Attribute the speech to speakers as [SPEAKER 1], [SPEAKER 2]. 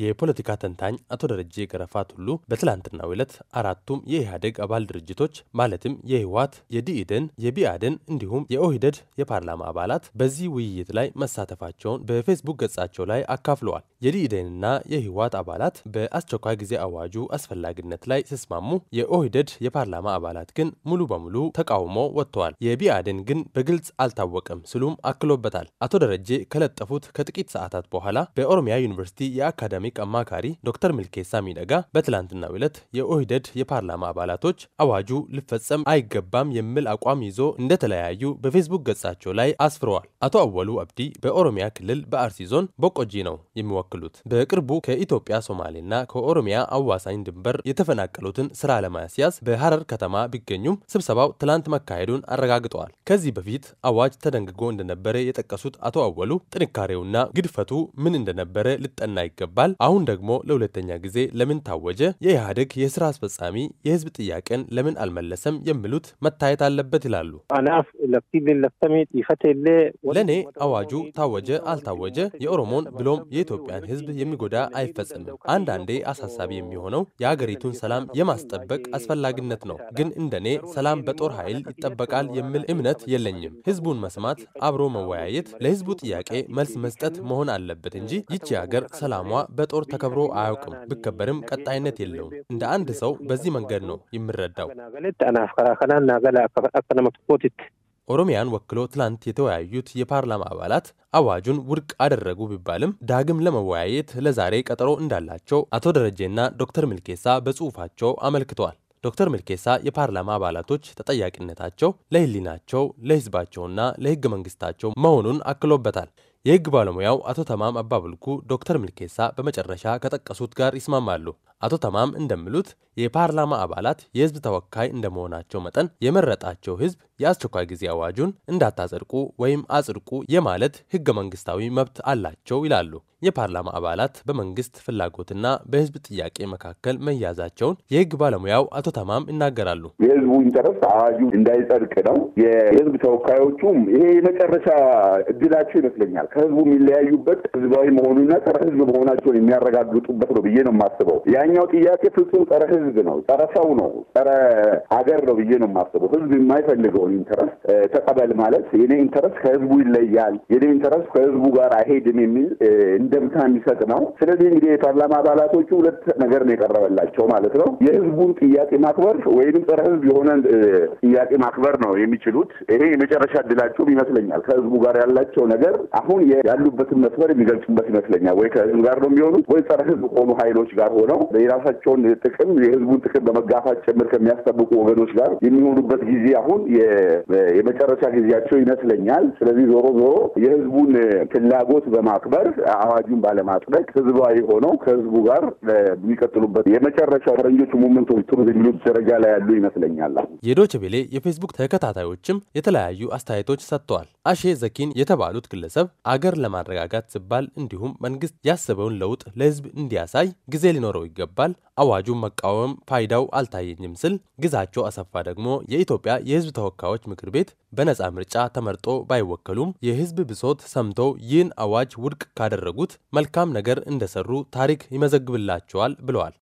[SPEAKER 1] የፖለቲካ ተንታኝ አቶ ደረጀ ገረፋት ሁሉ በትላንትናው ዕለት አራቱም የኢህአዴግ አባል ድርጅቶች ማለትም የህወሓት፣ የዲኢደን፣ የቢአደን እንዲሁም የኦህደድ የፓርላማ አባላት በዚህ ውይይት ላይ መሳተፋቸውን በፌስቡክ ገጻቸው ላይ አካፍለዋል። የዲኢደንና የህወሓት አባላት በአስቸኳይ ጊዜ አዋጁ አስፈላጊነት ላይ ሲስማሙ፣ የኦህደድ የፓርላማ አባላት ግን ሙሉ በሙሉ ተቃውሞ ወጥተዋል። የቢአደን ግን በግልጽ አልታወቀም ሲሉም አክሎበታል። አቶ ደረጀ ከለጠፉት ከጥቂት ሰዓታት በኋላ በኦሮሚያ ዩኒቨርሲቲ የአካዳሚ ኢኮኖሚክ አማካሪ ዶክተር ሚልኬሳ ሚደጋ በትላንትናው ዕለት የኦህደድ የፓርላማ አባላቶች አዋጁ ልፈጸም አይገባም የሚል አቋም ይዞ እንደተለያዩ በፌስቡክ ገጻቸው ላይ አስፍረዋል። አቶ አወሉ አብዲ በኦሮሚያ ክልል በአርሲ ዞን ቦቆጂ ነው የሚወክሉት። በቅርቡ ከኢትዮጵያ ሶማሌና ከኦሮሚያ አዋሳኝ ድንበር የተፈናቀሉትን ስራ ለማስያዝ በሐረር ከተማ ቢገኙም ስብሰባው ትላንት መካሄዱን አረጋግጠዋል። ከዚህ በፊት አዋጅ ተደንግጎ እንደነበረ የጠቀሱት አቶ አወሉ ጥንካሬውና ግድፈቱ ምን እንደነበረ ልጠና ይገባል ቃል አሁን ደግሞ ለሁለተኛ ጊዜ ለምን ታወጀ? የኢህአዴግ የስራ አስፈጻሚ የህዝብ ጥያቄን ለምን አልመለሰም? የሚሉት መታየት አለበት ይላሉ። ለእኔ አዋጁ ታወጀ አልታወጀ የኦሮሞን ብሎም የኢትዮጵያን ህዝብ የሚጎዳ አይፈጸምም። አንዳንዴ አሳሳቢ የሚሆነው የአገሪቱን ሰላም የማስጠበቅ አስፈላጊነት ነው። ግን እንደኔ ሰላም በጦር ኃይል ይጠበቃል የሚል እምነት የለኝም። ህዝቡን መስማት፣ አብሮ መወያየት፣ ለህዝቡ ጥያቄ መልስ መስጠት መሆን አለበት እንጂ ይቺ ሀገር ሰላሟ በ በጦር ተከብሮ አያውቅም። ቢከበርም ቀጣይነት የለውም። እንደ አንድ ሰው በዚህ መንገድ ነው የምረዳው። ኦሮሚያን ወክሎ ትላንት የተወያዩት የፓርላማ አባላት አዋጁን ውድቅ አደረጉ ቢባልም ዳግም ለመወያየት ለዛሬ ቀጠሮ እንዳላቸው አቶ ደረጀና ዶክተር ምልኬሳ በጽሁፋቸው አመልክተዋል። ዶክተር ምልኬሳ የፓርላማ አባላቶች ተጠያቂነታቸው ለህሊናቸው፣ ለህዝባቸውና ለህገ መንግስታቸው መሆኑን አክሎበታል። የህግ ባለሙያው አቶ ተማም አባብልኩ ዶክተር ሚልኬሳ በመጨረሻ ከጠቀሱት ጋር ይስማማሉ። አቶ ተማም እንደሚሉት የፓርላማ አባላት የህዝብ ተወካይ እንደመሆናቸው መጠን የመረጣቸው ህዝብ የአስቸኳይ ጊዜ አዋጁን እንዳታጸድቁ ወይም አጽድቁ የማለት ህገ መንግስታዊ መብት አላቸው ይላሉ። የፓርላማ አባላት በመንግስት ፍላጎትና በህዝብ ጥያቄ መካከል መያዛቸውን የህግ ባለሙያው አቶ ተማም ይናገራሉ።
[SPEAKER 2] የህዝቡ ኢንተረስት አዋጁ እንዳይጸድቅ ነው። የህዝብ ተወካዮቹም ይሄ የመጨረሻ እድላቸው ይመስለኛል። ከህዝቡ የሚለያዩበት ህዝባዊ መሆኑና ጸረ ህዝብ መሆናቸውን የሚያረጋግጡበት ነው ብዬ ነው የማስበው። ያኛው ጥያቄ ፍጹም ጸረ ህዝብ ነው፣ ጸረ ሰው ነው፣ ጸረ ሀገር ነው ብዬ ነው የማስበው። ህዝብ የማይፈልገውን ኢንተረስት ተቀበል ማለት የኔ ኢንተረስት ከህዝቡ ይለያል፣ የኔ ኢንተረስት ከህዝቡ ጋር አይሄድም የሚል እንደምታ የሚሰጥ ነው። ስለዚህ እንግዲህ የፓርላማ አባላቶቹ ሁለት ነገር ነው የቀረበላቸው ማለት ነው። የህዝቡን ጥያቄ ማክበር ወይንም ጸረ ህዝብ የሆነ ጥያቄ ማክበር ነው የሚችሉት። ይሄ የመጨረሻ እድላቸውም ይመስለኛል። ከህዝቡ ጋር ያላቸው ነገር አሁን ያሉበትን መስመር የሚገልጹበት ይመስለኛል። ወይ ከህዝብ ጋር ነው የሚሆኑት ወይ ጸረ ህዝብ ከሆኑ ሀይሎች ጋር ሆነው የራሳቸውን ጥቅም የህዝቡን ጥቅም በመጋፋት ጭምር ከሚያስጠብቁ ወገኖች ጋር የሚሆኑበት ጊዜ አሁን የመጨረሻ ጊዜያቸው ይመስለኛል። ስለዚህ ዞሮ ዞሮ የህዝቡን ፍላጎት በማክበር አዋጁን ባለማጽደቅ ህዝባዊ ሆነው ከህዝቡ ጋር የሚቀጥሉበት የመጨረሻ ፈረንጆቹ ሙመንቶች ትሩዝ የሚሉት ደረጃ ላይ ያሉ ይመስለኛል።
[SPEAKER 1] የዶች ቤሌ የፌስቡክ ተከታታዮችም የተለያዩ አስተያየቶች ሰጥተዋል። አሼ ዘኪን የተባሉት ግለሰብ አገር ለማረጋጋት ሲባል እንዲሁም መንግስት ያሰበውን ለውጥ ለህዝብ እንዲያሳይ ጊዜ ሊኖረው ይገባል። አዋጁን መቃወም በመቃወም ፋይዳው አልታየኝም ስል ግዛቸው አሰፋ ደግሞ የኢትዮጵያ የሕዝብ ተወካዮች ምክር ቤት በነፃ ምርጫ ተመርጦ ባይወከሉም የሕዝብ ብሶት ሰምተው ይህን አዋጅ ውድቅ ካደረጉት መልካም ነገር እንደሰሩ ታሪክ ይመዘግብላቸዋል ብለዋል።